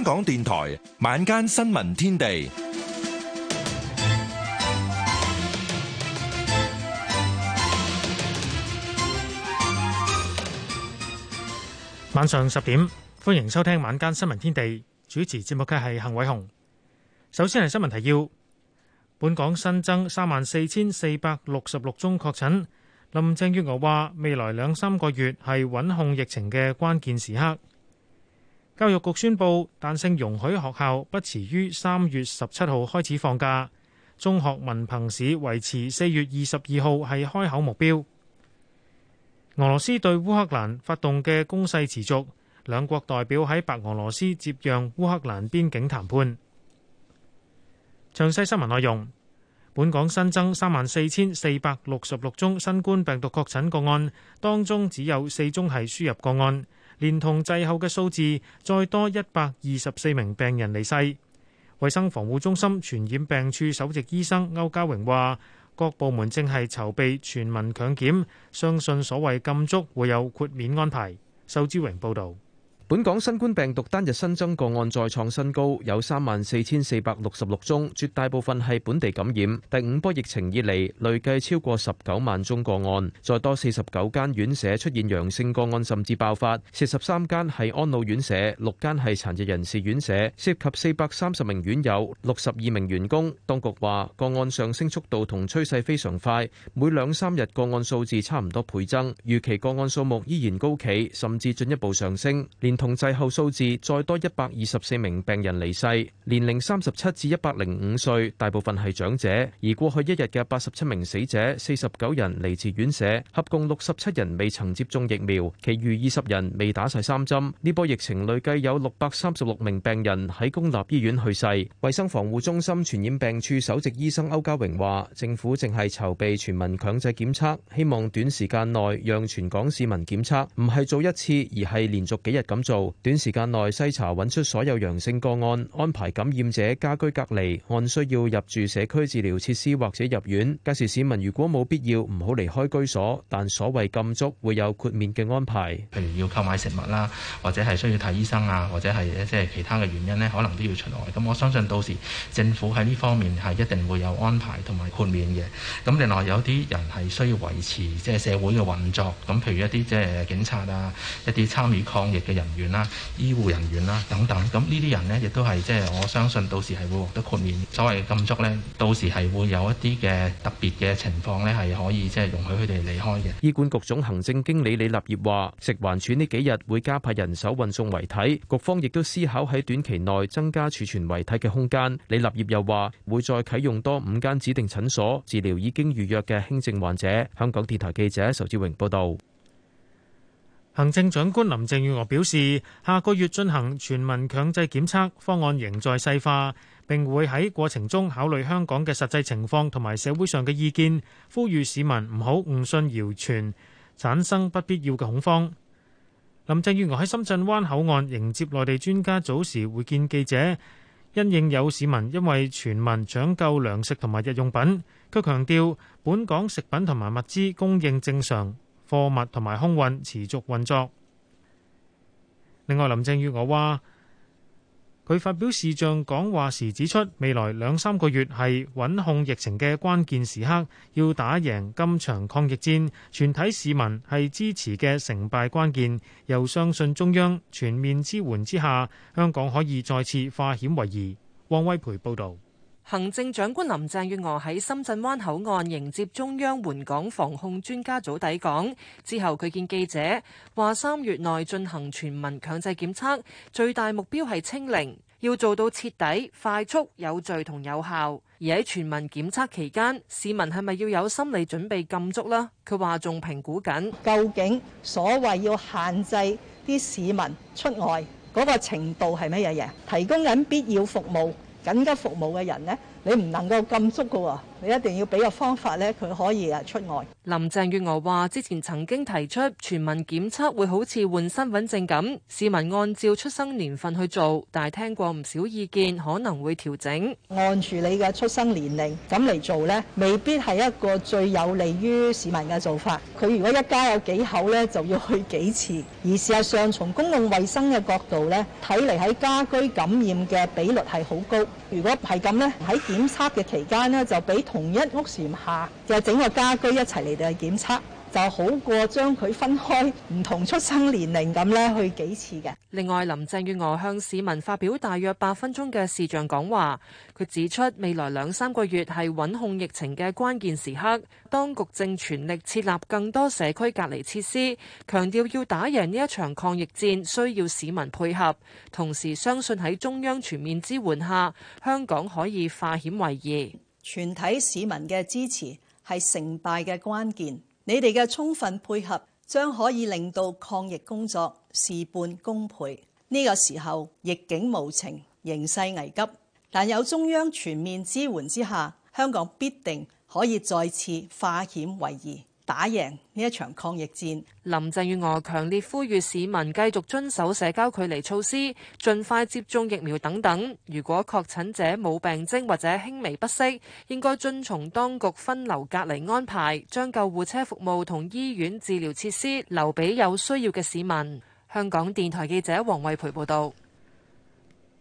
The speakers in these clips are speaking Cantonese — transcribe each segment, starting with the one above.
香港電台晚間新聞天地，晚上十點，歡迎收聽晚間新聞天地。主持節目嘅係幸偉雄。首先係新聞提要：本港新增三萬四千四百六十六宗確診。林鄭月娥話，未來兩三個月係穩控疫情嘅關鍵時刻。教育局宣布，彈性容許學校不遲於三月十七號開始放假。中學文憑試維持四月二十二號係開考目標。俄羅斯對烏克蘭發動嘅攻勢持續，兩國代表喺白俄羅斯接壤烏克蘭邊境談判。詳細新聞內容。本港新增三萬四千四百六十六宗新冠病毒確診個案，當中只有四宗係輸入個案。連同滯後嘅數字，再多一百二十四名病人離世。衞生防護中心傳染病處首席醫生歐家榮話，各部門正係籌備全民強檢，相信所謂禁足會有豁免安排。壽之榮報導。本港新冠病毒單日新增個案再創新高，有三萬四千四百六十六宗，絕大部分係本地感染。第五波疫情以嚟累計超過十九萬宗個案，再多四十九間院舍出現陽性個案，甚至爆發。四十三間係安老院舍，六間係殘疾人士院舍，涉及四百三十名院友、六十二名員工。當局話個案上升速度同趨勢非常快，每兩三日個案數字差唔多倍增。預期個案數目依然高企，甚至進一步上升。連同滯後數字再多一百二十四名病人離世，年齡三十七至一百零五歲，大部分係長者。而過去一日嘅八十七名死者，四十九人嚟自院舍，合共六十七人未曾接種疫苗，其餘二十人未打晒三針。呢波疫情累計有六百三十六名病人喺公立醫院去世。衛生防護中心傳染病處首席醫生歐家榮話：政府正係籌備全民強制檢測，希望短時間內讓全港市民檢測，唔係做一次，而係連續幾日咁。做短時間內篩查，揾出所有陽性個案，安排感染者家居隔離，按需要入住社區治療設施或者入院。屆時市民如果冇必要，唔好離開居所。但所謂禁足，會有豁免嘅安排。譬如要購買食物啦，或者係需要睇醫生啊，或者係一啲其他嘅原因咧，可能都要出外。咁我相信到時政府喺呢方面係一定會有安排同埋豁免嘅。咁另外有啲人係需要維持即係社會嘅運作，咁譬如一啲即係警察啊，一啲參與抗疫嘅人。員啦、醫護人員啦等等，咁呢啲人呢，亦都係即係我相信到時係會獲得豁免。所謂禁足呢，到時係會有一啲嘅特別嘅情況呢，係可以即係容許佢哋離開嘅。醫管局總行政經理李立業話，食環署呢幾日會加派人手運送遺體，局方亦都思考喺短期內增加儲存遺體嘅空間。李立業又話，會再啟用多五間指定診所治療已經預約嘅輕症患者。香港電台記者仇志榮報道。行政長官林鄭月娥表示，下個月進行全民強制檢測方案仍在細化，並會喺過程中考慮香港嘅實際情況同埋社會上嘅意見，呼籲市民唔好誤信謠傳，產生不必要嘅恐慌。林鄭月娥喺深圳灣口岸迎接內地專家組時會見記者，因應有市民因為全民搶購糧食同埋日用品，佢強調本港食品同埋物資供應正常。貨物同埋空運持續運作。另外，林鄭月娥話，佢發表視像講話時指出，未來兩三個月係穩控疫情嘅關鍵時刻，要打贏今場抗疫戰，全體市民係支持嘅成敗關鍵，又相信中央全面支援之下，香港可以再次化險為夷。汪威培報導。行政長官林鄭月娥喺深圳灣口岸迎接中央援港防控專家組抵港之後，佢見記者話：三月內進行全民強制檢測，最大目標係清零，要做到徹底、快速、有序同有效。而喺全民檢測期間，市民係咪要有心理準備禁足呢？佢話仲評估緊究竟所謂要限制啲市民出外嗰個程度係乜嘢嘢，提供緊必要服務。緊急服務嘅人呢，你唔能夠禁足㗎喎。你一定要俾個方法咧，佢可以啊出外。林鄭月娥話：之前曾經提出全民檢測會好似換身份證咁，市民按照出生年份去做，但係聽過唔少意見可能會調整。按住你嘅出生年齡咁嚟做咧，未必係一個最有利於市民嘅做法。佢如果一家有幾口咧，就要去幾次。而事實上，從公共衞生嘅角度咧，睇嚟喺家居感染嘅比率係好高。如果係咁呢，喺檢測嘅期間呢，就俾同一屋檐下又整個家居一齊嚟到去檢測，就好過將佢分開唔同出生年齡咁咧去幾次嘅。另外，林鄭月娥向市民發表大約八分鐘嘅視像講話，佢指出未來兩三個月係穩控疫情嘅關鍵時刻，當局正全力設立更多社區隔離設施，強調要打贏呢一場抗疫戰，需要市民配合。同時相信喺中央全面支援下，香港可以化險為夷。全體市民嘅支持係成敗嘅關鍵。你哋嘅充分配合將可以令到抗疫工作事半功倍。呢個時候逆境無情，形勢危急，但有中央全面支援之下，香港必定可以再次化險為夷。打贏呢一場抗疫戰，林鄭月娥強烈呼籲市民繼續遵守社交距離措施，盡快接種疫苗等等。如果確診者冇病徵或者輕微不適，應該遵從當局分流隔離安排，將救護車服務同醫院治療設施留俾有需要嘅市民。香港電台記者黃慧培報道。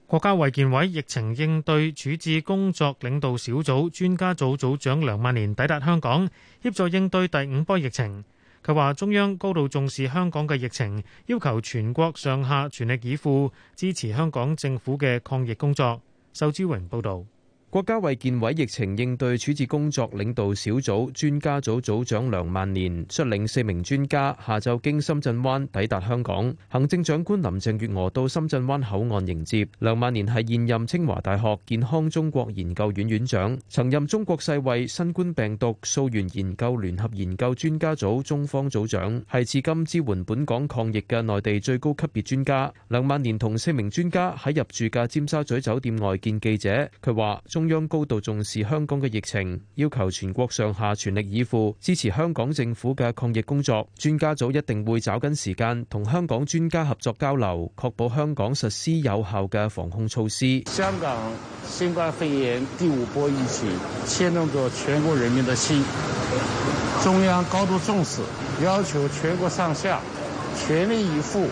國家衛健委疫情應對處置工作領導小組專家組組長梁萬年抵達香港，協助應對第五波疫情。佢話中央高度重視香港嘅疫情，要求全國上下全力以赴支持香港政府嘅抗疫工作。仇志榮報道。國家衛健委疫情應對處置工作領導小組專家組組長梁萬年率領四名專家下晝經深圳灣抵達香港，行政長官林鄭月娥到深圳灣口岸迎接。梁萬年係現任清華大學健康中國研究院院長，曾任中國世衛新冠病毒溯源研究聯合研究專家組中方組長，係至今支援本港抗疫嘅內地最高級別專家。梁萬年同四名專家喺入住嘅尖沙咀酒店外見記者，佢話。中央高度重視香港嘅疫情，要求全國上下全力以赴支持香港政府嘅抗疫工作。專家組一定會抓緊時間同香港專家合作交流，確保香港實施有效嘅防控措施。香港新冠肺炎第五波疫情牽動着全國人民的心，中央高度重視，要求全國上下全力以赴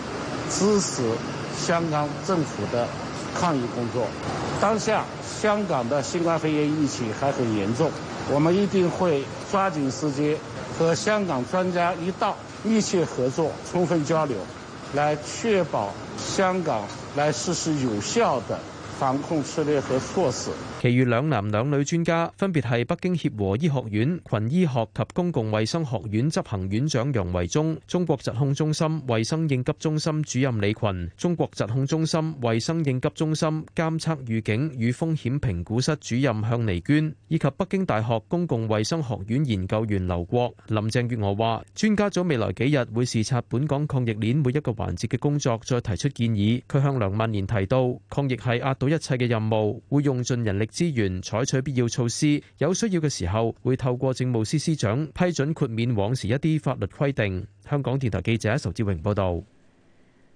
支持香港政府的抗疫工作。當下香港的新冠肺炎疫情還很嚴重，我們一定會抓緊時間和香港專家一道密切合作、充分交流，來確保香港來實施有效的防控策略和措施。其餘兩男兩女專家分別係北京協和醫學院群醫學及公共衛生學院執行院長楊維中、中國疾控中心衛生應急中心主任李群、中國疾控中心衛生應急中心監測預警與風險評估室主任向尼娟，以及北京大學公共衛生學院研究員劉國。林鄭月娥話：專家組未來幾日會視察本港抗疫鏈每一個環節嘅工作，再提出建議。佢向梁萬年提到，抗疫係壓倒一切嘅任務，會用盡人力資源採取必要措施，有需要嘅時候會透過政務司司長批准豁免往時一啲法律規定。香港電台記者仇志榮報道。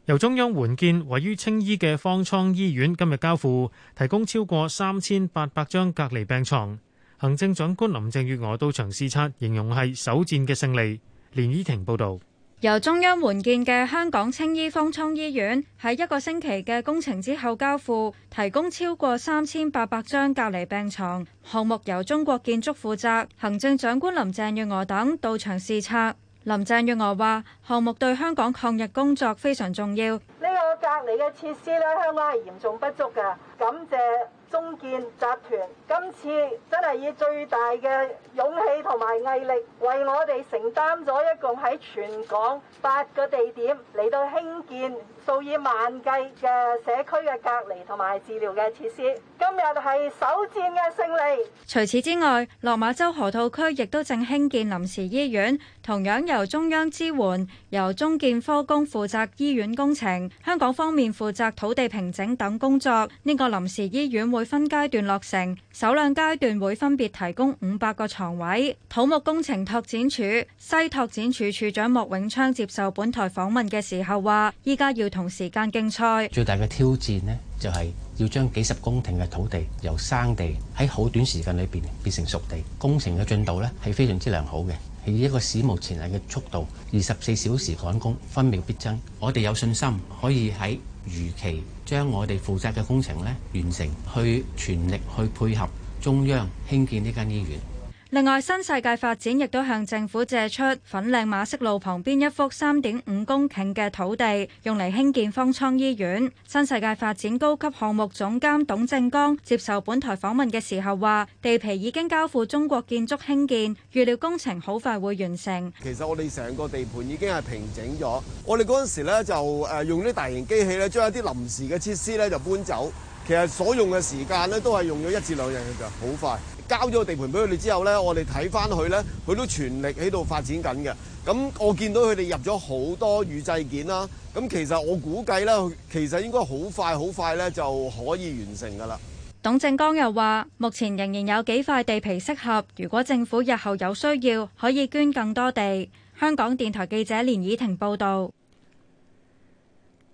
由中央援建位於青衣嘅方艙醫院今日交付，提供超過三千八百張隔離病床。行政長官林鄭月娥到場視察，形容係首戰嘅勝利。連依婷報導。由中央援建嘅香港青衣方艙醫院喺一個星期嘅工程之後交付，提供超過三千八百張隔離病床。項目由中國建築負責，行政長官林鄭月娥等到場視察。林鄭月娥話：項目對香港抗疫工作非常重要。呢個隔離嘅設施咧，香港係嚴重不足噶。感謝。中建集團今次真係以最大嘅勇氣同埋毅力，為我哋承擔咗一共喺全港八個地點嚟到興建數以萬計嘅社區嘅隔離同埋治療嘅設施，今日係首戰嘅勝利。除此之外，落馬洲河套區亦都正興建臨時醫院，同樣由中央支援，由中建科工負責醫院工程，香港方面負責土地平整等工作。呢、這個臨時醫院會分階段落成，首兩階段會分別提供五百個床位。土木工程拓展署西拓展處處長莫永昌接受本台訪問嘅時候話，依家要。同時間競賽最大嘅挑戰呢，就係要將幾十公頃嘅土地由生地喺好短時間裏邊變成熟地，工程嘅進度呢，係非常之良好嘅，係一個史無前例嘅速度，二十四小時趕工，分秒必爭。我哋有信心可以喺如期將我哋負責嘅工程呢，完成，去全力去配合中央興建呢間醫院。另外，新世界發展亦都向政府借出粉嶺馬適路旁邊一幅三點五公頃嘅土地，用嚟興建方艙醫院。新世界發展高級項目總監董正剛接受本台訪問嘅時候話，地皮已經交付中國建築興建，預料工程好快會完成。其實我哋成個地盤已經係平整咗，我哋嗰陣時咧就誒用啲大型機器咧將一啲臨時嘅設施咧就搬走，其實所用嘅時間咧都係用咗一至兩日嘅，就好快。交咗地盤俾佢哋之後呢，我哋睇翻佢呢，佢都全力喺度發展緊嘅。咁我見到佢哋入咗好多預製件啦。咁其實我估計咧，其實應該好快好快呢就可以完成噶啦。董正剛又話：目前仍然有幾塊地皮適合，如果政府日後有需要，可以捐更多地。香港電台記者連以婷報導。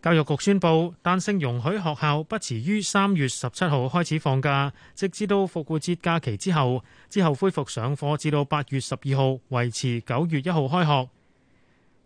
教育局宣布，彈性容許學校不遲於三月十七號開始放假，直至到復活節假期之後，之後恢復上課至到八月十二號，維持九月一號開學。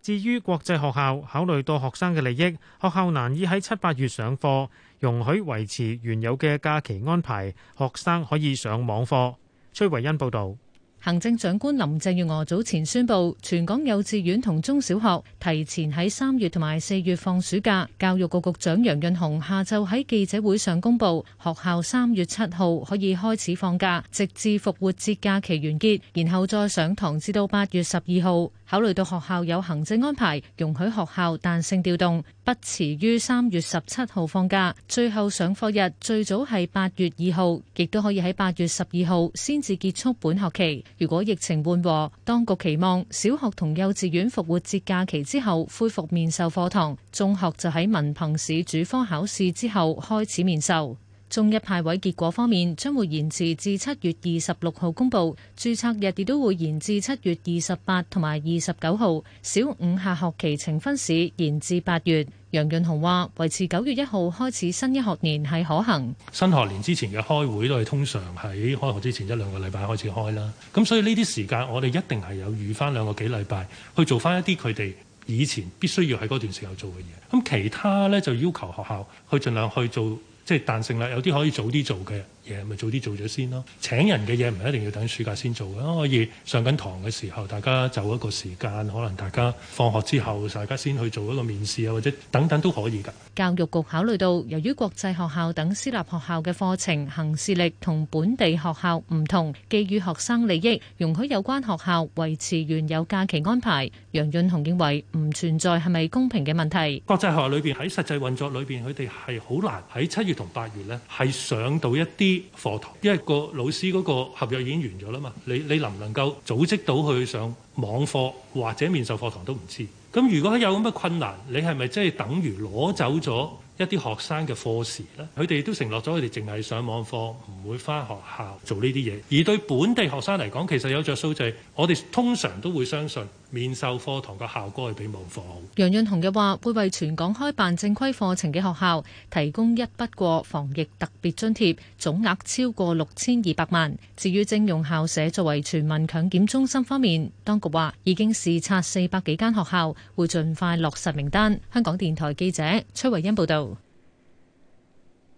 至於國際學校，考慮到學生嘅利益，學校難以喺七八月上課，容許維持原有嘅假期安排，學生可以上網課，崔維恩報道。行政長官林鄭月娥早前宣布，全港幼稚園同中小學提前喺三月同埋四月放暑假。教育局局長楊潤雄下晝喺記者會上公布，學校三月七號可以開始放假，直至復活節假期完結，然後再上堂至到八月十二號。考慮到學校有行政安排，容許學校彈性調動，不遲於三月十七號放假，最後上課日最早係八月二號，亦都可以喺八月十二號先至結束本學期。如果疫情緩和，當局期望小學同幼稚園復活節假期之後恢復面授課堂，中學就喺文憑試主科考試之後開始面授。中一派位結果方面將會延遲至七月二十六號公佈，註冊日亦都會延至七月二十八同埋二十九號。小五下學期呈分試延至八月。楊潤雄話：維持九月一號開始新一學年係可行。新學年之前嘅開會都係通常喺開學之前一兩個禮拜開始開啦。咁所以呢啲時間我哋一定係有預返兩個幾禮拜去做返一啲佢哋以前必須要喺嗰段時候做嘅嘢。咁其他呢，就要求學校去盡量去做。即係彈性啦，有啲可以早啲做嘅嘢咪早啲做咗先咯。請人嘅嘢唔一定要等暑假先做嘅，可以上緊堂嘅時候，大家就一個時間，可能大家放學之後，大家先去做一個面試啊，或者等等都可以噶。教育局考慮到由於國際學校等私立學校嘅課程、行事曆同本地學校唔同，基於學生利益，容許有關學校維持原有假期安排。楊潤雄認為唔存在係咪公平嘅問題，國際學校裏邊喺實際運作裏邊佢哋係好難，喺七月同八月咧係上到一啲。啲課堂，因為個老師嗰個合約已經完咗啦嘛，你你能唔能夠組織到去上網課或者面授課堂都唔知，咁如果有咁嘅困難，你係咪即係等於攞走咗？一啲學生嘅課時咧，佢哋都承諾咗，佢哋淨係上網課，唔會翻學校做呢啲嘢。而對本地學生嚟講，其實有著數就係我哋通常都會相信面授課堂嘅效果係比網課好。楊潤雄又話，會為全港開辦正規課程嘅學校提供一筆過防疫特別津貼，總額超過六千二百萬。至於徵用校舍作為全民強檢中心方面，當局話已經視察四百幾間學校，會盡快落實名單。香港電台記者崔維恩報道。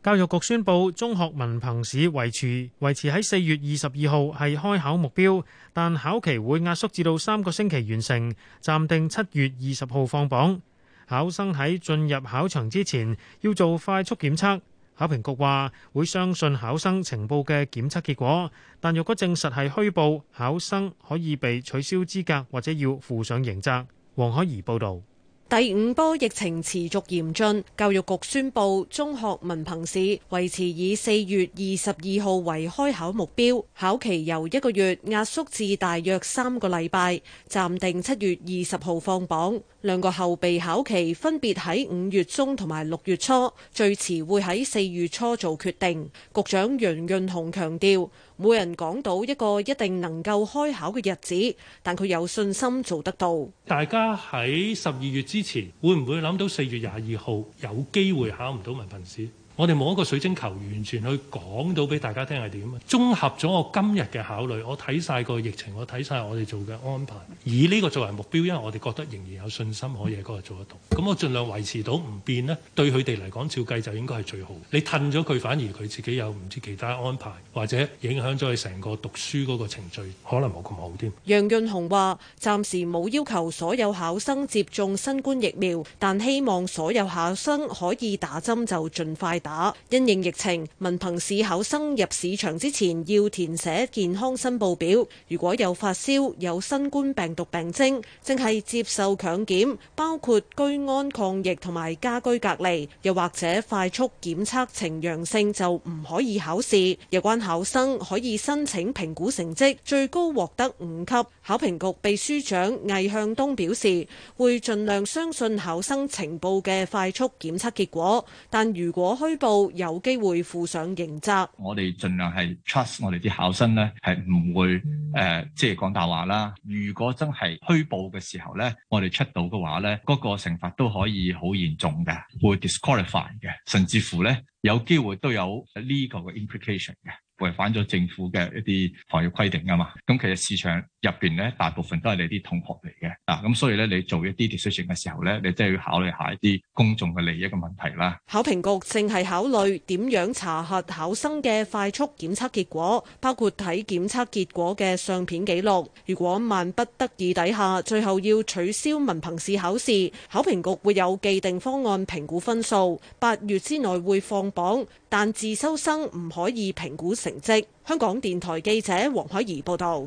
教育局宣布，中學文憑試維持維持喺四月二十二號係開考目標，但考期會壓縮至到三個星期完成，暫定七月二十號放榜。考生喺進入考場之前要做快速檢測。考評局話會相信考生呈報嘅檢測結果，但若果證實係虛報，考生可以被取消資格或者要負上刑責，黃海怡報道。第五波疫情持續嚴峻，教育局宣佈，中學文憑試維持以四月二十二號為開考目標，考期由一個月壓縮至大約三個禮拜，暫定七月二十號放榜，兩個後備考期分別喺五月中同埋六月初，最遲會喺四月初做決定。局長楊潤雄強調。每人講到一個一定能夠開考嘅日子，但佢有信心做得到。大家喺十二月之前，會唔會諗到四月廿二號有機會考唔到文憑試？我哋冇一個水晶球，完全去講到俾大家聽，係點啊！綜合咗我今日嘅考慮，我睇晒個疫情，我睇晒我哋做嘅安排，以呢個作為目標，因為我哋覺得仍然有信心可以喺度做得到。咁我盡量維持到唔變咧，對佢哋嚟講照計就應該，係最好。你褪咗佢，反而佢自己有唔知其他安排，或者影響咗佢成個讀書嗰個程序，可能冇咁好添。楊潤雄話：暫時冇要求所有考生接種新冠疫苗，但希望所有考生可以打針就盡快。打因應疫情，文憑試考生入試場之前要填寫健康申報表。如果有發燒、有新冠病毒病徵、正係接受強檢，包括居安抗疫同埋家居隔離，又或者快速檢測呈陽性，就唔可以考試。有關考生可以申請評估成績，最高獲得五級。考評局秘書長魏向東表示，會盡量相信考生呈報嘅快速檢測結果，但如果虛報，有機會負上刑責。我哋盡量係 trust 我哋啲考生呢係唔會誒，即係講大話啦。如果真係虛報嘅時候咧，我哋出到嘅話咧，嗰個懲罰都可以好嚴重嘅，會 disqualify 嘅，甚至乎咧有機會都有 legal 嘅 implication 嘅，違反咗政府嘅一啲防疫規定㗎嘛。咁其實市場。入邊呢，大部分都係你啲同學嚟嘅，啊咁所以咧，你做一啲 decision 嘅時候咧，你真係要考慮下一啲公眾嘅利益嘅問題啦。考評局正係考慮點樣查核考生嘅快速檢測結果，包括睇檢測結果嘅相片記錄。如果萬不得已底下，最後要取消文憑試考試，考評局會有既定方案評估分數，八月之內會放榜，但自修生唔可以評估成績。香港電台記者黃海怡報道。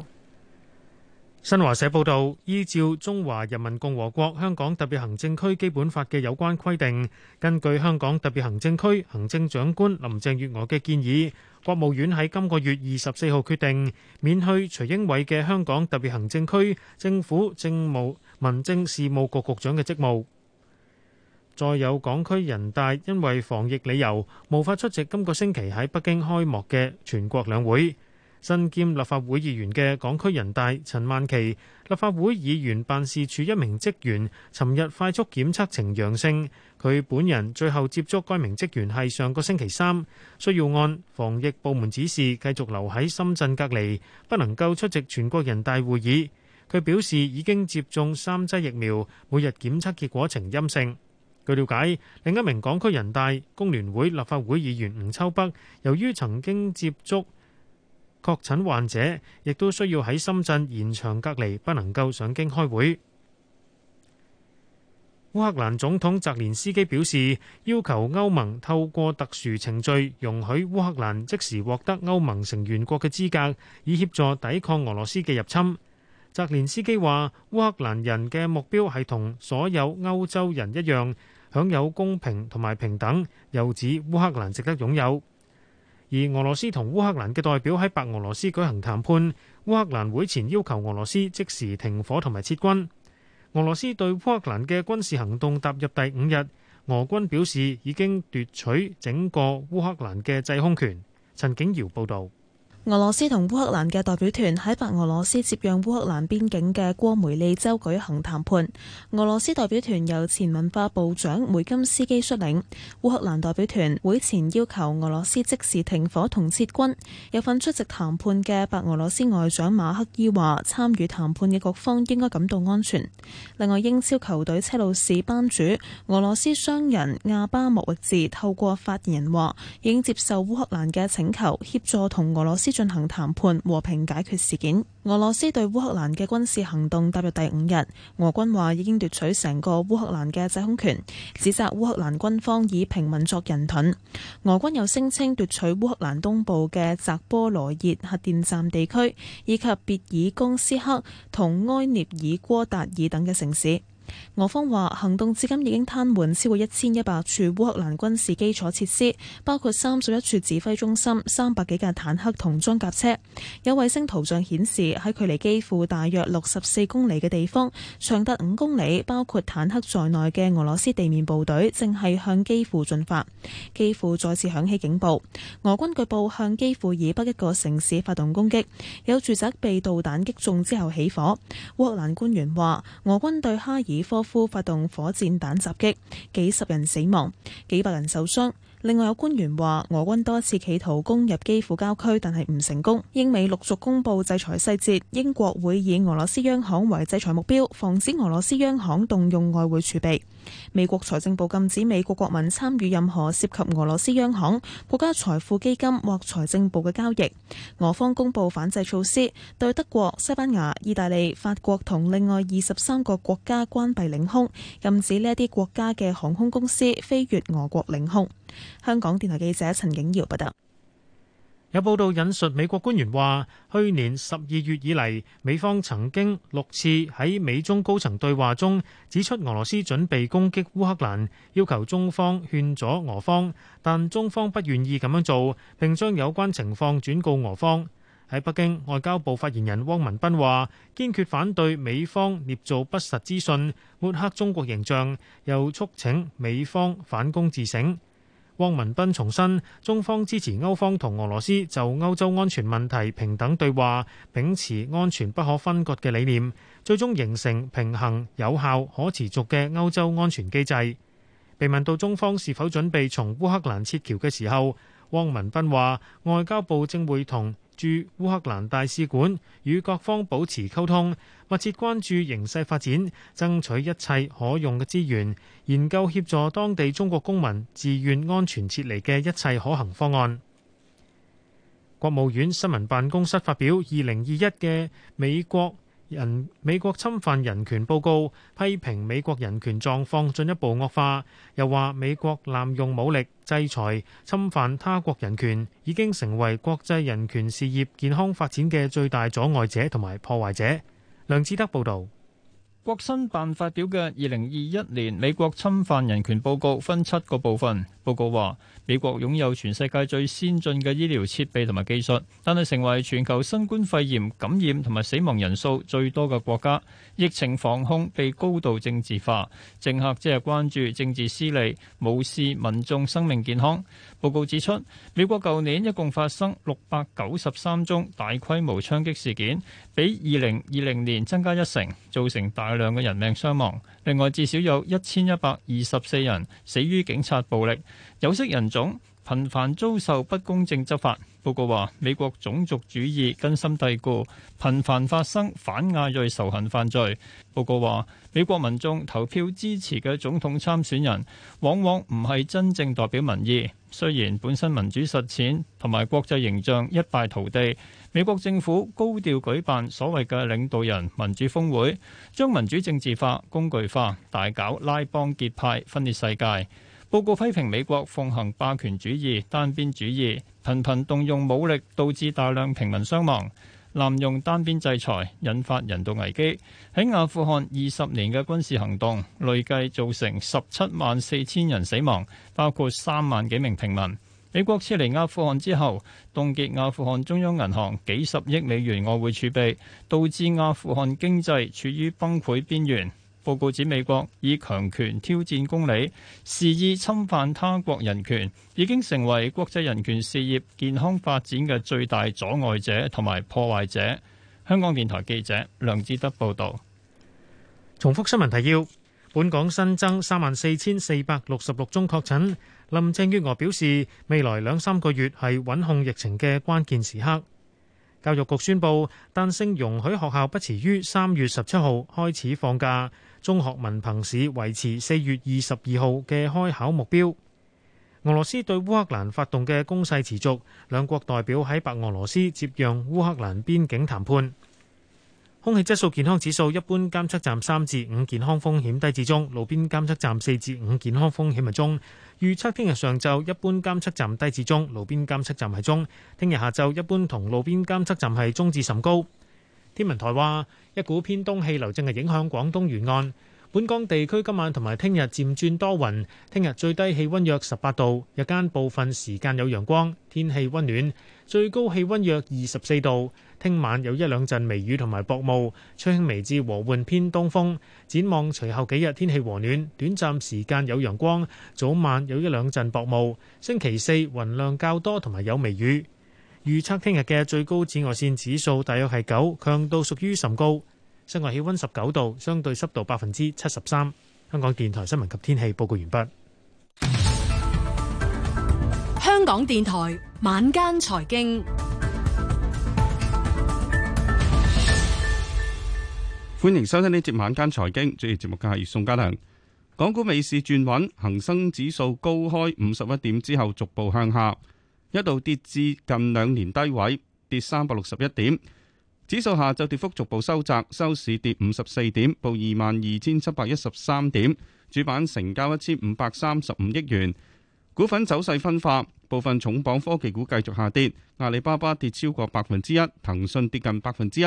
新華社報道，依照《中華人民共和國香港特別行政區基本法》嘅有關規定，根據香港特別行政區行政長官林鄭月娥嘅建議，國務院喺今個月二十四號決定免去徐英偉嘅香港特別行政區政府政務民政事務局局長嘅職務。再有，港區人大因為防疫理由無法出席今個星期喺北京開幕嘅全國兩會。身兼立法會議員嘅港區人大陳曼琪，立法會議員辦事處一名職員，尋日快速檢測呈陽性。佢本人最後接觸該名職員係上個星期三，需要按防疫部門指示繼續留喺深圳隔離，不能夠出席全國人大會議。佢表示已經接種三劑疫苗，每日檢測結果呈陰性。據了解，另一名港區人大工聯會立法會議員吳秋北，由於曾經接觸確診患者亦都需要喺深圳延長隔離，不能夠上京開會。烏克蘭總統澤連斯基表示，要求歐盟透過特殊程序容許烏克蘭即時獲得歐盟成員國嘅資格，以協助抵抗俄羅斯嘅入侵。澤連斯基話：烏克蘭人嘅目標係同所有歐洲人一樣，享有公平同埋平等，又指烏克蘭值得擁有。而俄羅斯同烏克蘭嘅代表喺白俄羅斯舉行談判，烏克蘭會前要求俄羅斯即時停火同埋撤軍。俄羅斯對烏克蘭嘅軍事行動踏入第五日，俄軍表示已經奪取整個烏克蘭嘅制空權。陳景堯報導。俄羅斯同烏克蘭嘅代表團喺白俄羅斯接壤烏克蘭邊境嘅戈梅利州舉行談判。俄羅斯代表團由前文化部長梅金斯基率領。烏克蘭代表團會前要求俄羅斯即時停火同撤軍。有份出席談判嘅白俄羅斯外長馬克伊話，參與談判嘅各方應該感到安全。另外，英超球隊車路士班主俄羅斯商人亞巴莫域治透過發言人話，已經接受烏克蘭嘅請求協助同俄羅斯進行談判，和平解決事件。俄羅斯對烏克蘭嘅軍事行動踏入第五日，俄軍話已經奪取成個烏克蘭嘅制空權，指責烏克蘭軍方以平民作人盾。俄軍又聲稱奪取烏克蘭東部嘅扎波羅熱核電站地區，以及別爾江斯克同埃涅爾戈達爾等嘅城市。俄方話行動至今已經癱瘓超過一千一百處烏克蘭軍事基礎設施，包括三十一處指揮中心、三百幾架坦克同裝甲車。有衛星圖像顯示，喺距離基輔大約六十四公里嘅地方，長達五公里，包括坦克在內嘅俄羅斯地面部隊正係向基輔進發。基輔再次響起警報，俄軍據報向基輔以北一個城市發動攻擊，有住宅被導彈擊中之後起火。烏克蘭官員話俄軍對哈爾米科夫發動火箭彈襲擊，幾十人死亡，幾百人受傷。另外有官員話，俄軍多次企圖攻入基輔郊區，但係唔成功。英美陸續公布制裁細節，英國會以俄羅斯央行為制裁目標，防止俄羅斯央行動用外匯儲備。美國財政部禁止美國國民參與任何涉及俄羅斯央行、國家財富基金或財政部嘅交易。俄方公布反制措施，對德國、西班牙、意大利、法國同另外二十三個國家關閉領空，禁止呢一啲國家嘅航空公司飛越俄國領空。香港電台記者陳景堯報道，有報道引述美國官員話，去年十二月以嚟，美方曾經六次喺美中高層對話中指出俄羅斯準備攻擊烏克蘭，要求中方勸阻俄方，但中方不願意咁樣做，並將有關情況轉告俄方。喺北京，外交部發言人汪文斌話，堅決反對美方捏造不實資訊，抹黑中國形象，又促請美方反攻自省。汪文斌重申，中方支持歐方同俄羅斯就歐洲安全問題平等對話，秉持安全不可分割嘅理念，最終形成平衡、有效、可持續嘅歐洲安全機制。被問到中方是否準備從烏克蘭撤僑嘅時候，汪文斌話，外交部正會同駐烏克蘭大使館與各方保持溝通，密切關注形勢發展，爭取一切可用嘅資源，研究協助當地中國公民自願安全撤離嘅一切可行方案。國務院新聞辦公室發表二零二一嘅美國。人美國侵犯人權報告批評美國人權狀況進一步惡化，又話美國濫用武力、制裁、侵犯他國人權已經成為國際人權事業健康發展嘅最大阻礙者同埋破壞者。梁志德報道。國新辦發表嘅二零二一年美國侵犯人權報告分七個部分。報告話，美國擁有全世界最先進嘅醫療設備同埋技術，但係成為全球新冠肺炎感染同埋死亡人數最多嘅國家。疫情防控被高度政治化，政客只係關注政治私利，無視民眾生命健康。報告指出，美國舊年一共發生六百九十三宗大規模槍擊事件，比二零二零年增加一成，造成大。兩個人命傷亡，另外至少有一千一百二十四人死於警察暴力，有色人種頻繁遭受不公正執法。報告話，美國種族主義根深蒂固，頻繁發生反亞裔仇恨犯罪。報告話，美國民眾投票支持嘅總統參選人，往往唔係真正代表民意。雖然本身民主實踐同埋國際形象一敗塗地，美國政府高調舉辦所謂嘅領導人民主峰會，將民主政治化、工具化，大搞拉幫結派、分裂世界。報告批評美國奉行霸權主義、單邊主義，頻頻動用武力，導致大量平民傷亡；濫用單邊制裁，引發人道危機。喺阿富汗二十年嘅軍事行動，累計造成十七萬四千人死亡，包括三萬幾名平民。美國撤離阿富汗之後，凍結阿富汗中央銀行幾十億美元外匯儲備，導致阿富汗經濟處於崩潰邊緣。報告指美國以強權挑戰公理，肆意侵犯他國人權，已經成為國際人權事業健康發展嘅最大阻礙者同埋破壞者。香港電台記者梁志德報道。重複新聞提要，本港新增三萬四千四百六十六宗確診。林鄭月娥表示，未來兩三個月係穩控疫情嘅關鍵時刻。教育局宣布，彈性容許學校不遲於三月十七號開始放假。中學文憑試維持四月二十二號嘅開考目標。俄羅斯對烏克蘭發動嘅攻勢持續，兩國代表喺白俄羅斯接壤烏克蘭邊境談判。空氣質素健康指數一般監測站三至五，健康風險低至中，路邊監測站四至五，健康風險係中。預測聽日上晝一般監測站低至中，路邊監測站係中；聽日下晝一般同路邊監測站係中至甚高。天文台話一股偏東氣流正係影響廣東沿岸，本港地區今晚同埋聽日漸轉多雲，聽日最低氣溫約十八度，日間部分時間有陽光，天氣溫暖，最高氣溫約二十四度。聽晚有一兩陣微雨同埋薄霧，吹輕微至和緩偏東風。展望隨後幾日天氣和暖，短暫時間有陽光，早晚有一兩陣薄霧。星期四雲量較多同埋有微雨。預測聽日嘅最高紫外線指數大約係九，強度屬於甚高。室外氣溫十九度，相對濕度百分之七十三。香港電台新聞及天氣報告完畢。香港電台晚間財經，歡迎收聽呢節晚間財經，主持節目嘅係宋家良。港股尾市轉穩，恒生指數高開五十一點之後逐步向下。一度跌至近兩年低位，跌三百六十一點，指數下晝跌幅逐步收窄，收市跌五十四點，報二萬二千七百一十三點，主板成交一千五百三十五億元。股份走勢分化，部分重磅科技股繼續下跌，阿里巴巴跌超過百分之一，騰訊跌近百分之一，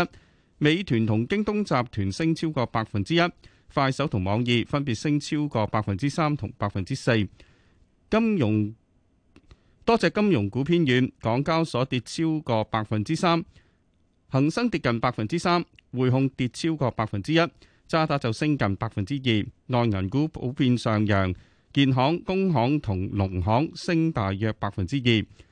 美團同京東集團升超過百分之一，快手同網易分別升超過百分之三同百分之四。金融多隻金融股偏軟，港交所跌超過百分之三，恒生跌近百分之三，匯控跌超過百分之一，渣打就升近百分之二。內銀股普遍上揚，建行、工行同農行升大約百分之二。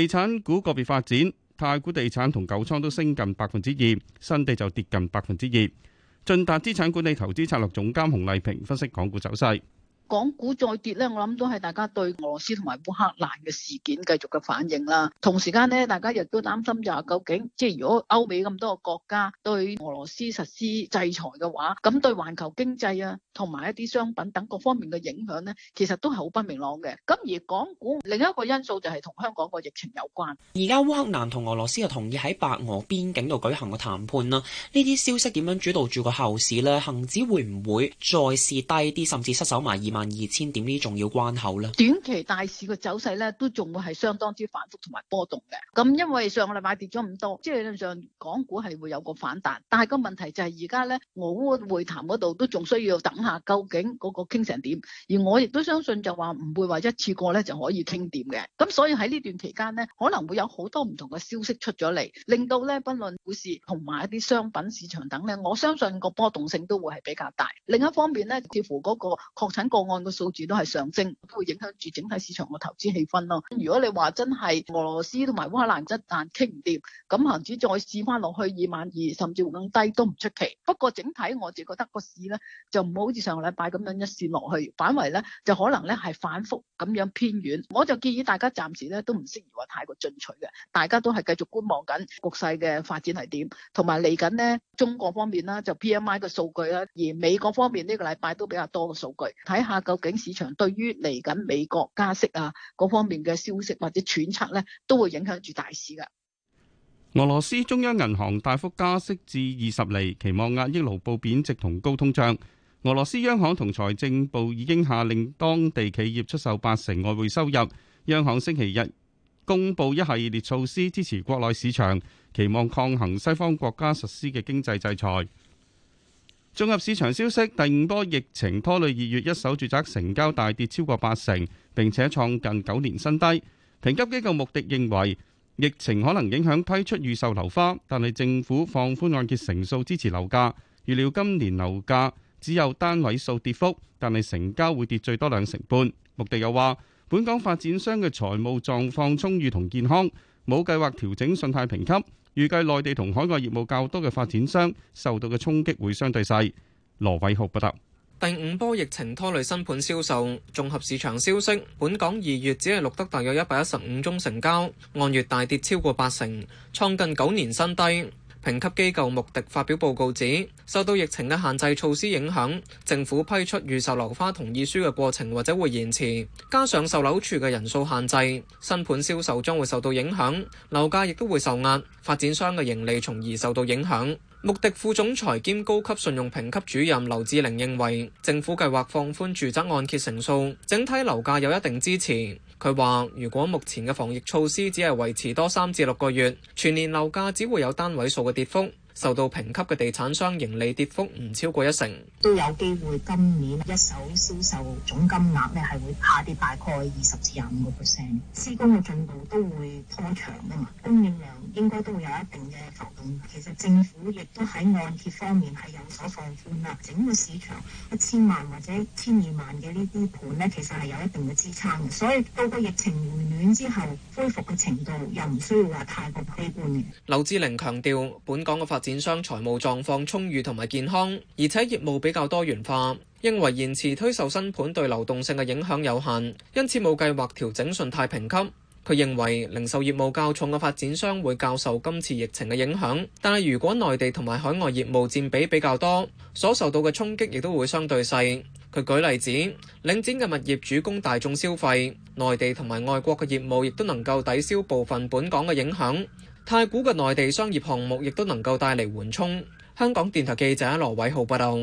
地產股個別發展，太古地產同九倉都升近百分之二，新地就跌近百分之二。晉達資產管理投資策略總監洪麗萍分析港股走勢。港股再跌咧，我諗都係大家對俄羅斯同埋烏克蘭嘅事件繼續嘅反應啦。同時間呢，大家亦都擔心就係，究竟即係如果歐美咁多個國家對俄羅斯實施制裁嘅話，咁對環球經濟啊，同埋一啲商品等各方面嘅影響呢，其實都係好不明朗嘅。咁而港股另一個因素就係同香港個疫情有關，而家烏克蘭同俄羅斯又同意喺白俄邊境度舉行個談判啦。呢啲消息點樣主導住個後市呢？恒指會唔會再試低啲，甚至失守埋萬二千點呢啲重要關口咧，短期大市嘅走勢咧都仲會係相當之反復同埋波動嘅。咁因為上個禮拜跌咗咁多，即係理論上港股係會有個反彈，但係個問題就係而家咧，俄烏會談嗰度都仲需要等下，究竟嗰個傾成點？而我亦都相信就話唔會話一次過咧就可以傾掂嘅。咁所以喺呢段期間咧，可能會有好多唔同嘅消息出咗嚟，令到咧不論股市同埋一啲商品市場等咧，我相信個波動性都會係比較大。另一方面咧，似乎嗰個確診個按個數字都係上升，都會影響住整體市場嘅投資氣氛咯。如果你話真係俄羅斯同埋烏克蘭一旦傾唔掂，咁恒指再試翻落去二萬二，22，甚至更低都唔出奇。不過整體我就覺得個市咧就唔好好似上個禮拜咁樣一線落去，反為咧就可能咧係反覆咁樣偏軟。我就建議大家暫時咧都唔適宜話太過進取嘅，大家都係繼續觀望緊局勢嘅發展係點，同埋嚟緊呢中國方面啦，就 P M I 嘅數據啦，而美國方面呢個禮拜都比較多嘅數據，睇下。究竟市場對於嚟緊美國加息啊，各方面嘅消息或者揣測呢，都會影響住大市噶。俄羅斯中央銀行大幅加息至二十厘，期望壓抑盧布貶值同高通脹。俄羅斯央行同財政部已經下令當地企業出售八成外匯收入。央行星期日公布一系列措施支持國內市場，期望抗衡西方國家實施嘅經濟制裁。綜合市場消息，第五波疫情拖累二月一手住宅成交大跌超過八成，並且創近九年新低。評級機構穆迪認為，疫情可能影響批出預售樓花，但係政府放寬按揭成數支持樓價，預料今年樓價只有單位數跌幅，但係成交會跌最多兩成半。穆迪又話，本港發展商嘅財務狀況充裕同健康，冇計劃調整信貸評級。預計內地同海外業務較多嘅發展商受到嘅衝擊會相對細。羅偉浩報道，第五波疫情拖累新盤銷售，綜合市場消息，本港二月只係錄得大約一百一十五宗成交，按月大跌超過八成，創近九年新低。評級機構穆迪發表報告指，受到疫情嘅限制措施影響，政府批出預售樓花同意書嘅過程或者會延遲，加上售樓處嘅人數限制，新盤銷售將會受到影響，樓價亦都會受壓，發展商嘅盈利從而受到影響。穆迪副總裁兼高級信用評級主任劉志玲認為，政府計劃放寬住宅按揭成數，整體樓價有一定支持。佢話：如果目前嘅防疫措施只係維持多三至六個月，全年樓價只會有單位數嘅跌幅。受到評級嘅地產商盈利跌幅唔超過一成，都有機會今年一手銷售總金額呢係會下跌大概二十至廿五個 percent。施工嘅進度都會拖長啊嘛，供應量應該都會有一定嘅浮動。其實政府亦都喺按揭方面係有所放寬啦。整個市場一千萬或者千二萬嘅呢啲盤呢，其實係有一定嘅支撐嘅。所以，到個疫情回暖之後，恢復嘅程度又唔需要話太過悲觀。嘅劉志玲強調，本港嘅發展。發展商財務狀況充裕同埋健康，而且業務比較多元化，認為延遲推售新盤對流動性嘅影響有限，因此冇計劃調整信貸評級。佢認為零售業務較重嘅發展商會較受今次疫情嘅影響，但係如果內地同埋海外業務佔比比較多，所受到嘅衝擊亦都會相對細。佢舉例子，領展嘅物業主攻大眾消費，內地同埋外國嘅業務亦都能夠抵消部分本港嘅影響。太古嘅內地商業項目亦都能夠帶嚟緩衝。香港電台記者羅偉浩報道，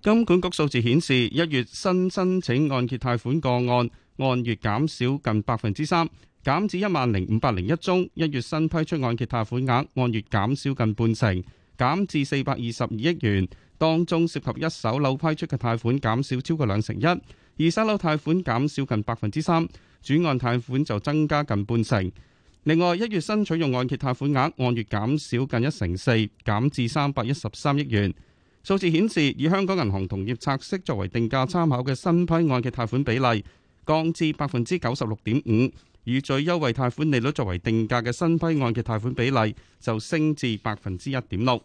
金管局數字顯示，一月新申請按揭貸款個案按月減少近百分之三，減至一萬零五百零一宗。一月新批出按揭貸款額按月減少近半成，減至四百二十二億元。當中涉及一手樓批出嘅貸款減少超過兩成一，而二手樓貸款減少近百分之三，轉按貸款就增加近半成。另外，一月新取用按揭貸款額按月減少近一成四，減至三百一十三億元。數字顯示，以香港銀行同業拆息作為定價參考嘅新批按揭貸款比例降至百分之九十六點五，以最優惠貸款利率作為定價嘅新批按揭貸款比例就升至百分之一點六。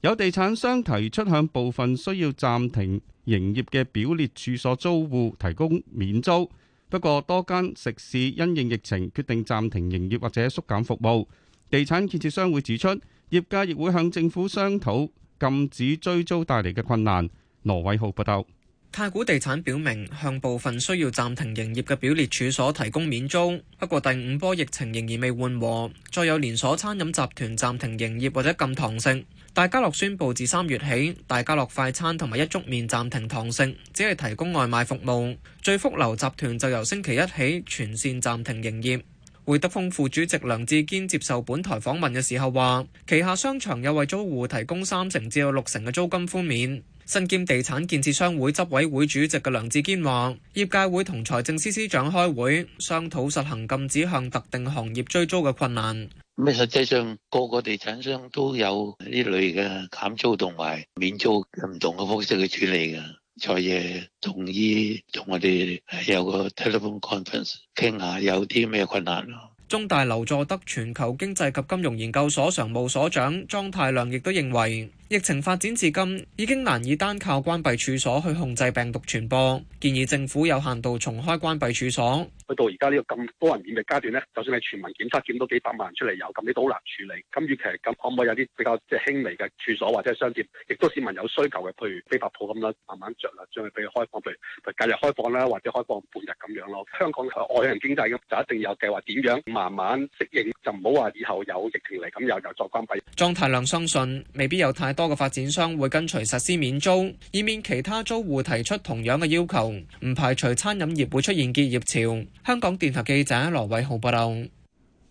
有地產商提出向部分需要暫停營業嘅表列處所租戶提供免租。不過，多間食肆因應疫情決定暫停營業或者縮減服務。地產建設商會指出，業界亦會向政府商討禁止追租帶嚟嘅困難。羅偉浩報道。太古地產表明向部分需要暫停營業嘅表列處所提供免租，不過第五波疫情仍然未緩和，再有連鎖餐飲集團暫停營業或者禁堂食。大家樂宣布自三月起，大家樂快餐同埋一粥麵暫停堂食，只係提供外賣服務。聚福樓集團就由星期一起全線暫停營業。會德豐副主席梁志堅接受本台訪問嘅時候話，旗下商場有為租戶提供三成至到六成嘅租金寬免。身兼地產建設商會執委會主席嘅梁志堅話，業界會同財政司司長開會，商討實行禁止向特定行業追租嘅困難。咩？實際上，個個地產商都有呢類嘅減租同埋免租唔同嘅方式去處理嘅。財爺同意同我哋有個 telephone conference 傾下，有啲咩困難咯。中大劉佐德全球經濟及金融研究所常務所長莊太量亦都認為。疫情發展至今，已經難以單靠關閉處所去控制病毒傳播，建議政府有限度重開關閉處所。去到而家呢個咁多人染嘅階段呢，就算你全民檢測檢到幾百萬人出嚟有，咁你都好難處理。咁與其咁，可唔可以有啲比較即係輕微嘅處所或者係商店，亦都市民有需求嘅，譬如批發鋪咁啦，慢慢著力將佢俾佢開放，譬如隔日開放啦，或者開放半日咁樣咯。香港外人經濟咁就一定有計劃點樣慢慢適應，就唔好話以後有疫情嚟咁又又再關閉。莊太量相信未必有太多個發展商會跟隨實施免租，以免其他租戶提出同樣嘅要求。唔排除餐飲業會出現結業潮。香港電台記者羅偉浩報道。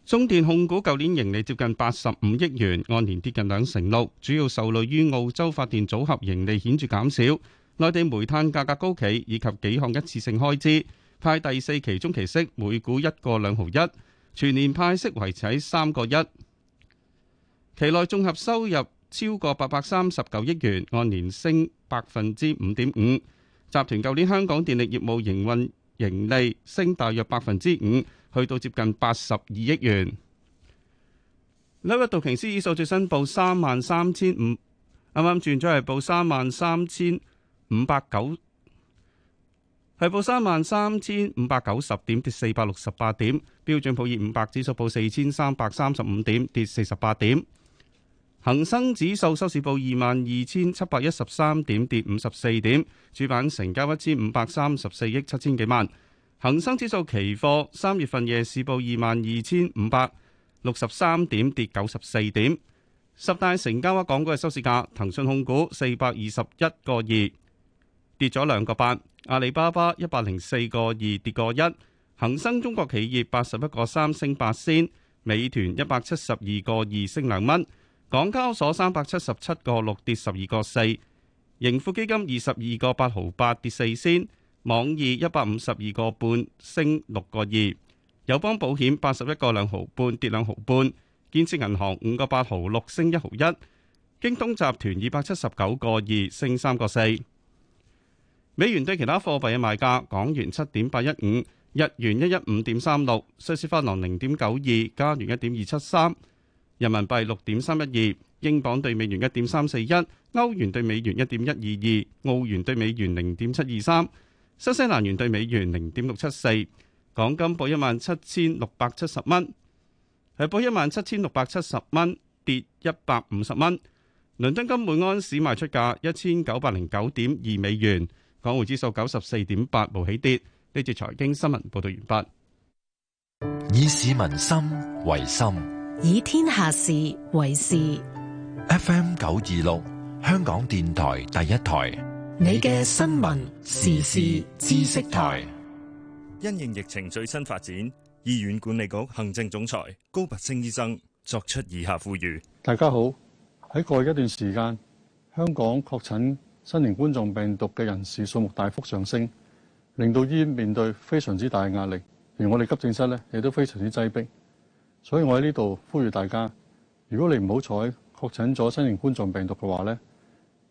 中電控股舊年盈利接近八十五億元，按年跌近兩成六，主要受累於澳洲發電組合盈利顯著減少，內地煤炭價格高企以及幾項一次性開支派第四期中期息，每股一個兩毫一，全年派息維持喺三個一。期內綜合收入。超過八百三十九億元，按年升百分之五點五。集團舊年香港電力業務營運盈利升大約百分之五，去到接近八十二億元。紐約道瓊斯指數最新報三萬三千五，啱啱轉咗係報三萬三千五百九，係報三萬三千五百九十點，跌四百六十八點。標準普爾五百指數報四千三百三十五點，跌四十八點。恒生指數收市報二萬二千七百一十三點，跌五十四點。主板成交一千五百三十四億七千幾萬。恒生指數期貨三月份夜市報二萬二千五百六十三點，跌九十四點。十大成交額港股嘅收市價：騰訊控股四百二十一個二，跌咗兩個八；阿里巴巴一百零四個二，跌個一；恒生中國企業八十一個三，升八仙；美團一百七十二個二，升兩蚊。港交所三百七十七個六跌十二個四，盈富基金二十二個八毫八跌四仙，網易一百五十二個半升六個二，友邦保險八十一個兩毫半跌兩毫半，建設銀行五個八毫六升一毫一，京東集團二百七十九個二升三個四，美元對其他貨幣嘅賣價：港元七點八一五，日元一一五點三六，瑞士法郎零點九二，加元一點二七三。人民幣六點三一二，英鎊兌美元一點三四一，歐元兌美元一點一二二，澳元兌美元零點七二三，新西蘭元兌美元零點六七四。港金報一萬七千六百七十蚊，係報一萬七千六百七十蚊，跌一百五十蚊。倫敦金每安士賣出價一千九百零九點二美元。港匯指數九十四點八，冇起跌。呢節財經新聞報道完畢。以市民心為心。以天下事為事。FM 九二六，香港電台第一台。你嘅新聞時事知識台。因應疫情最新發展，醫院管理局行政總裁高拔升醫生作出以下呼籲：大家好，喺過去一段時間，香港確診新型冠狀病毒嘅人士數目大幅上升，令到醫院面對非常之大嘅壓力，而我哋急症室呢亦都非常之擠迫。所以我喺呢度呼籲大家，如果你唔好彩確診咗新型冠狀病毒嘅話，咧，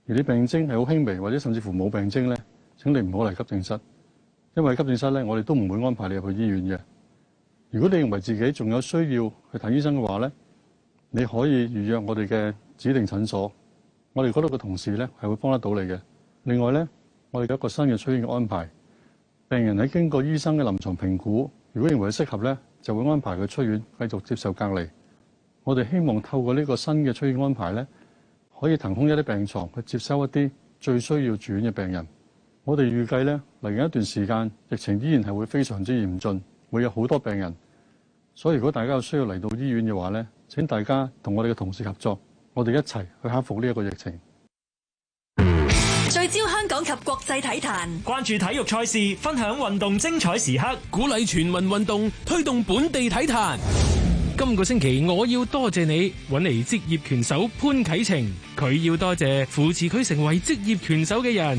而啲病徵係好輕微或者甚至乎冇病徵咧，請你唔好嚟急症室，因為急症室咧我哋都唔會安排你入去醫院嘅。如果你認為自己仲有需要去睇醫生嘅話，咧，你可以預約我哋嘅指定診所，我哋嗰度嘅同事咧係會幫得到你嘅。另外咧，我哋有一個新嘅出院嘅安排，病人喺經過醫生嘅臨床評估，如果認為適合咧。就會安排佢出院，繼續接受隔離。我哋希望透過呢個新嘅出院安排呢，可以騰空一啲病床，去接收一啲最需要住院嘅病人。我哋預計呢，嚟緊一段時間，疫情依然係會非常之嚴峻，會有好多病人。所以如果大家有需要嚟到醫院嘅話呢，請大家同我哋嘅同事合作，我哋一齊去克服呢一個疫情。聚焦香港及國際體壇，關注體育賽事，分享運動精彩時刻，鼓勵全民運動，推動本地體壇。 今個星期我要多謝你，搵嚟職業拳手潘啟程。佢要多謝扶持佢成為職業拳手嘅人。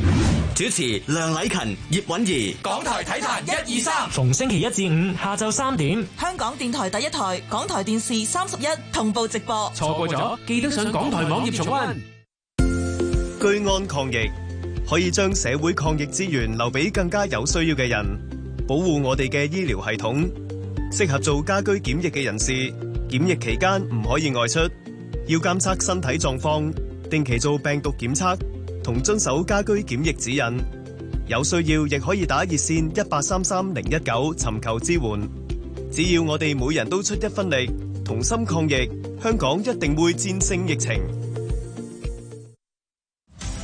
主持梁禮勤、葉韻儀，港台體壇一二三，逢星期一至五下晝三點，香港電台第一台、港台電視三十一同步直播。錯過咗，記得上港台網頁重溫。居安抗疫，可以將社會抗疫資源留俾更加有需要嘅人，保護我哋嘅醫療系統。適合做家居檢疫嘅人士，檢疫期間唔可以外出，要監測身體狀況，定期做病毒檢測，同遵守家居檢疫指引。有需要亦可以打熱線一八三三零一九尋求支援。只要我哋每人都出一分力，同心抗疫，香港一定會戰勝疫情。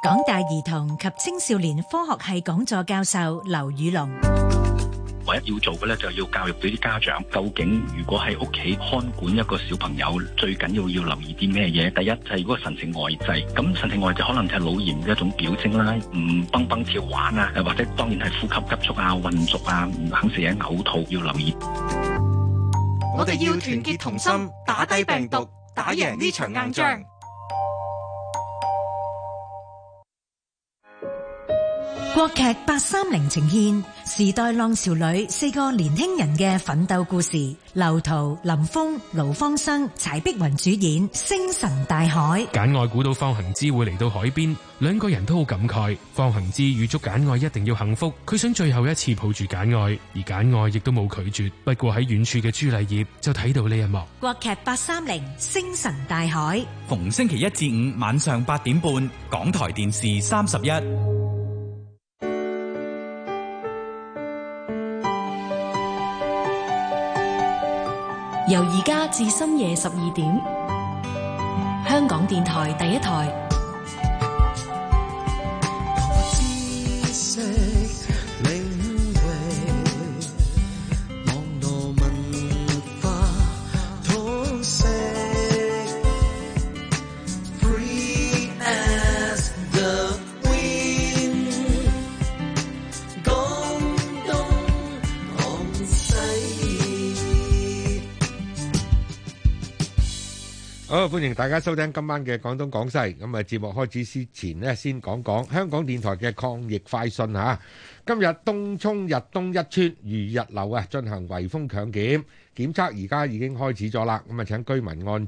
港大兒童及青少年科學系講座教授劉宇龍，唯一要做嘅咧，就要教育到啲家長，究竟如果喺屋企看管一個小朋友，最緊要要留意啲咩嘢？第一就係、是、如果神情呆滯，咁神情呆滯可能就係腦炎嘅一種表徵啦，唔、嗯、蹦蹦跳玩啊，或者當然係呼吸急促啊、渾濁啊、唔肯食嘢嘔吐，要留意。我哋要團結同心，打低病毒，打贏呢場硬仗。國劇八三零呈現時代浪潮裏四個年輕人嘅奮鬥故事，劉濤、林峰、盧芳生、柴碧雲主演《星辰大海》。簡愛估到方恒之會嚟到海邊，兩個人都好感慨。方恒之預祝簡愛一定要幸福，佢想最後一次抱住簡愛，而簡愛亦都冇拒絕。不過喺遠處嘅朱麗葉就睇到呢一幕。國劇八三零《星辰大海》，逢星期一至五晚上八點半，港台電視三十一。由而家至深夜十二點，香港電台第一台。好，歡迎大家收聽今晚嘅廣東廣西，咁啊，節目開始之前咧，先講講香港電台嘅抗疫快訊吓。今日東涌日東一村如日樓啊，進行圍封強檢檢測，而家已經開始咗啦。咁啊，請居民按。